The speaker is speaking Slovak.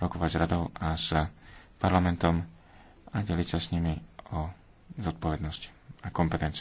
rokovať s radou a s parlamentom a deliť sa s nimi o zodpovednosť a kompetencie.